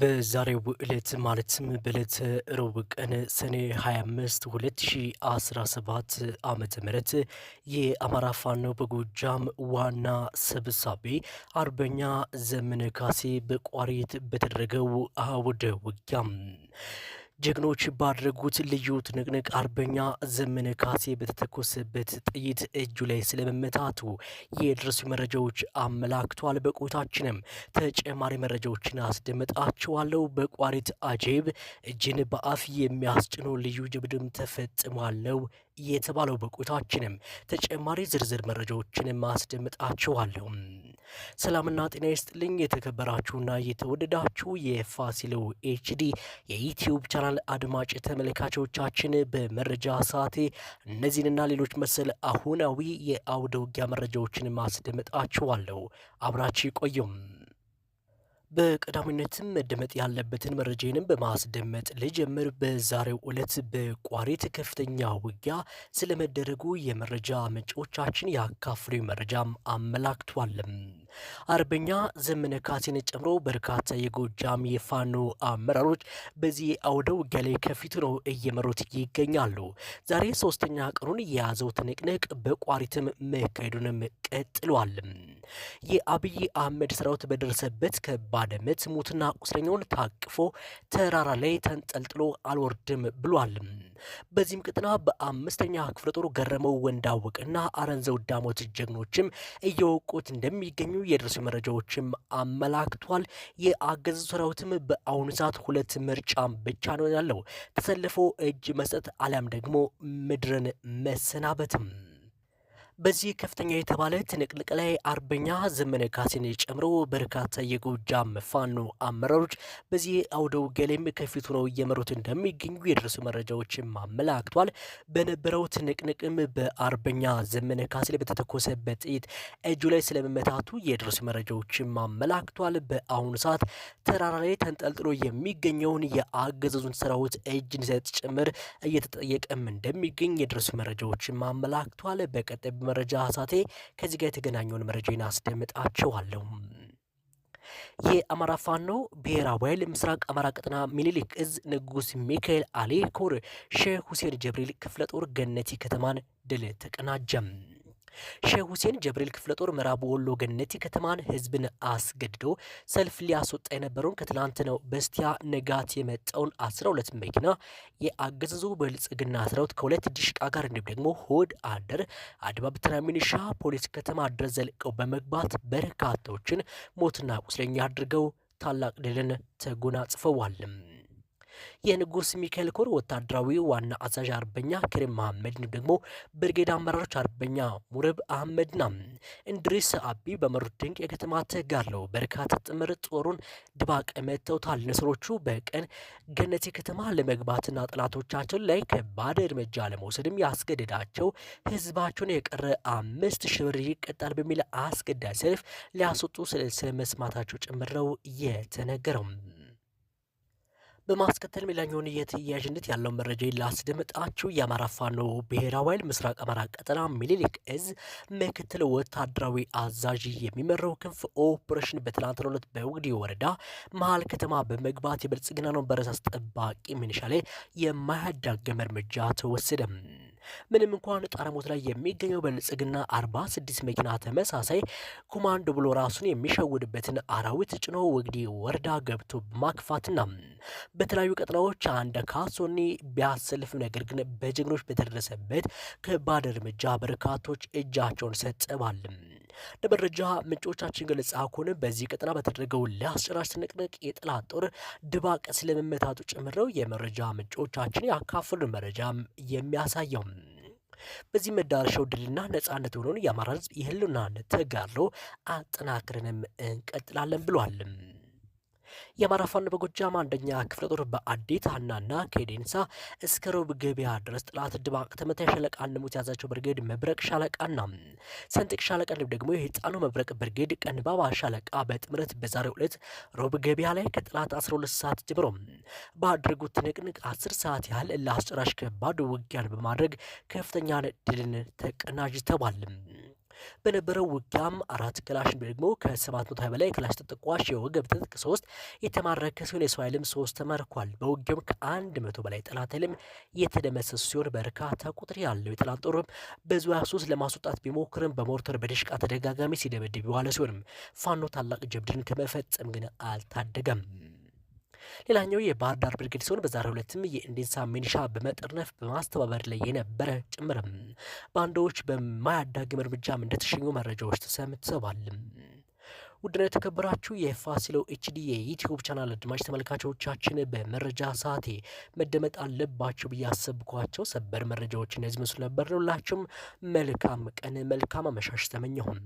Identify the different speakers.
Speaker 1: በዛሬው ዕለት ማለትም በዕለተ ረቡዕ ቀን ሰኔ 25 2017 ዓመተ ምህረት የአማራ ፋኖ በጎጃም ዋና ሰብሳቢ አርበኛ ዘመነ ካሴ በቋሪት በተደረገው አውደ ውጊያም ጀግኖች ባድረጉት ልዩ ትንቅንቅ አርበኛ ዘመነ ካሴ በተተኮሰበት ጥይት እጁ ላይ ስለመመታቱ የደረሱ መረጃዎች አመላክቷል። በቆይታችንም ተጨማሪ መረጃዎችን አስደምጣችኋለሁ። በቋሪት አጀብ እጅን በአፍ የሚያስጭኑ ልዩ ጀብድም ተፈጽሟለው የተባለው በቆይታችንም ተጨማሪ ዝርዝር መረጃዎችን አስደምጣችኋለሁ። ሰላምና ጤና ይስጥልኝ የተከበራችሁና የተወደዳችሁ የፋሲሎ ኤችዲ የዩትዩብ ቻናል አድማጭ ተመልካቾቻችን በመረጃ ሰዓቴ እነዚህንና ሌሎች መሰል አሁናዊ የአውደ ውጊያ መረጃዎችን ማስደመጣችኋለሁ። አብራችሁ ቆዩም። በቀዳሚነትም መደመጥ ያለበትን መረጃንም በማስደመጥ ልጀምር። በዛሬው ዕለት በቋሪት ከፍተኛ ውጊያ ስለመደረጉ የመረጃ ምንጮቻችን ያካፍሉ መረጃም አመላክቷልም። አርበኛ ዘመነ ካሴን ጨምሮ በርካታ የጎጃም የፋኖ አመራሮች በዚህ አውደ ውጊያ ላይ ከፊቱ ነው እየመሩት ይገኛሉ። ዛሬ ሶስተኛ ቀኑን የያዘው ትንቅንቅ በቋሪትም መካሄዱንም ቀጥሏልም። የአብይ አህመድ ሰራዊት በደረሰበት ከባድ ምት ሙትና ቁስለኛውን ታቅፎ ተራራ ላይ ተንጠልጥሎ አልወርድም ብሏል። በዚህም ቅጥና በአምስተኛ ክፍለ ጦሩ ገረመው ወንዳወቅና አረንዘው ዳሞት ጀግኖችም እየወቁት እንደሚገኙ የደረሱ መረጃዎችም አመላክቷል። የአገዛዙ ሰራዊትም በአሁኑ ሰዓት ሁለት ምርጫም ብቻ ነው ያለው፣ ተሰልፎ እጅ መስጠት አሊያም ደግሞ ምድርን መሰናበትም በዚህ ከፍተኛ የተባለ ትንቅንቅ ላይ አርበኛ ዘመነ ካሴን ጨምሮ በርካታ የጎጃም ፋኖ አመራሮች በዚህ አውደ ውጊያ ከፊቱ ነው እየመሩት እንደሚገኙ የደረሱ መረጃዎችም አመላክቷል። በነበረው ትንቅንቅም በአርበኛ ዘመነ ካሴ ላይ በተተኮሰበት ጥይት እጁ ላይ ስለመመታቱ የደረሱ መረጃዎችም አመላክቷል። በአሁኑ ሰዓት ተራራ ላይ ተንጠልጥሎ የሚገኘውን የአገዛዙን ሰራዊት እጅ እንዲሰጥ ጭምር እየተጠየቀም እንደሚገኝ የደረሱ መረጃዎችም አመላክቷል። በቀጣይ መረጃ ሳቴ ከዚህ ጋር የተገናኘውን መረጃን አስደምጣችኋለሁ። የአማራ ፋኖ ብሔራዊ ኃይል ምስራቅ አማራ ቀጠና ሚኒሊክ እዝ ንጉስ ሚካኤል አሊ ኮር ሼህ ሁሴን ጀብሪል ክፍለ ጦር ገነቲ ከተማን ድል ተቀናጀም። ሼህ ሁሴን ጀብሪል ክፍለ ጦር ምዕራብ ወሎ ገነቲ ከተማን ህዝብን አስገድዶ ሰልፍ ሊያስወጣ የነበረውን ከትላንት ነው በስቲያ ንጋት የመጣውን አስራ ሁለት መኪና የአገዛዙ ብልጽግና ስራውት ከሁለት ዲሽቃ ጋር እንዲሁም ደግሞ ሆድ አደር አድማ ብተና ሚኒሻ ፖሊስ ከተማ ድረስ ዘልቀው በመግባት በርካታዎችን ሞትና ቁስለኛ አድርገው ታላቅ ድልን ተጎናጽፈዋልም። የንጉስ ሚካኤል ኮር ወታደራዊ ዋና አዛዥ አርበኛ ክሪም መሐመድ እንዲሁም ደግሞ ብርጌድ አመራሮች አርበኛ ሙረብ አህመድና እንድሪስ አቢ በመሩት ድንቅ የከተማ ተጋድለው በርካታ ጥምር ጦሩን ድባቅ መተውታል። ንስሮቹ በቀን ገነቴ ከተማ ለመግባትና ጠላቶቻቸው ላይ ከባድ እርምጃ ለመውሰድም ያስገደዳቸው ህዝባቸውን የቀረ አምስት ሺህ ብር ይቀጣል በሚል አስገዳጅ ሰልፍ ሊያስወጡ ስለመስማታቸው ጭምር ነው የተነገረው። በማስከተል ሌላኛውን የተያያዥነት ያለው መረጃ ላስደምጣችሁ። የአማራ ፋኖ ብሔራዊ ኃይል ምስራቅ አማራ ቀጠና ሚኒሊክ እዝ ምክትል ወታደራዊ አዛዥ የሚመራው ክንፍ ኦፕሬሽን በትናንትናው ዕለት በውግዴ ወረዳ መሀል ከተማ በመግባት የብልጽግና ነው በረሳስ ጠባቂ ሚኒሻ ላይ የማያዳግም እርምጃ ተወሰደ። ምንም እንኳን ጣረሞት ላይ የሚገኘው ብልጽግና ስድስት መኪና ተመሳሳይ ኮማንዶ ብሎ ራሱን የሚሸውድበትን አራዊት ጭኖ ወግዲ ወረዳ ገብቶ ማክፋትና በተለያዩ ቀጠናዎች አንድ ካሶኒ ቢያሰልፍም ነገር ግን በጀግኖች በተደረሰበት ከባድ እርምጃ በርካቶች እጃቸውን ሰጥባልም። ለመረጃ ምንጮቻችን ገለጻ ከሆነ በዚህ ቀጠና በተደረገው ለአስጨራሽ ትንቅንቅ የጠላት ጦር ድባቅ ስለመመታቱ ጭምረው የመረጃ ምንጮቻችን ያካፈሉን መረጃ የሚያሳየው በዚህ መዳረሻው ድልና ነጻነት የሆነውን የአማራ ህዝብ የህልውናነት ተጋድሎ አጠናክረንም እንቀጥላለን ብሏል። የአማራ ፋኖ በጎጃም አንደኛ ክፍለ ጦር በአዴት ሀናና ከዴንሳ እስከ ሮብ ገበያ ድረስ ጥላት ድባቅ ተመታይ ሻለቃ ንሙት ያዛቸው ብርጌድ መብረቅ ሻለቃና ሰንጥቅ ሻለቃ እንዲሁም ደግሞ የህፃኑ መብረቅ ብርጌድ ቀንባባ ሻለቃ በጥምረት በዛሬው ዕለት ሮብ ገበያ ላይ ከጥላት 12 ሰዓት ጀምሮ ባደረጉት ትንቅንቅ 10 ሰዓት ያህል ለአስጨራሽ ከባድ ውጊያን በማድረግ ከፍተኛ ድልን ተቀናጅተዋል። በነበረው ውጊያም አራት ክላሽ ደግሞ ከ720 በላይ ክላሽ ተጠቋሽ የወገብ ትጥቅ ሶስት የተማረከ ሲሆን የሰው ኃይልም ሶስት ተማርኳል። በውጊያም ከአንድ መቶ በላይ ጠላት ኃይልም የተደመሰሱ ሲሆን በርካታ ቁጥር ያለው የጠላት ጦርም በዙ 23 ለማስወጣት ቢሞክርም በሞርተር በደሽቃ ተደጋጋሚ ሲደበድብ የዋለ ሲሆንም ፋኖ ታላቅ ጀብድን ከመፈጸም ግን አልታደገም። ሌላኛው የባህር ዳር ብርጌድ ሲሆን በዛሬው ዕለትም የእንዴንሳ ሚኒሻ በመጠርነፍ በማስተባበር ላይ የነበረ ጭምርም ባንዳዎች በማያዳግም እርምጃም እንደተሸኙ መረጃዎች ተሰምተዋል። ውድና የተከበራችሁ የፋሲሎ ኤችዲ የዩትዩብ ቻናል አድማጭ ተመልካቾቻችን በመረጃ ሰዓቴ መደመጥ አለባቸው ብዬ አሰብኳቸው ሰበር መረጃዎች እነዚህ መስሉ ነበር። ሁላችሁም መልካም ቀን መልካም አመሻሽ ተመኘሁን።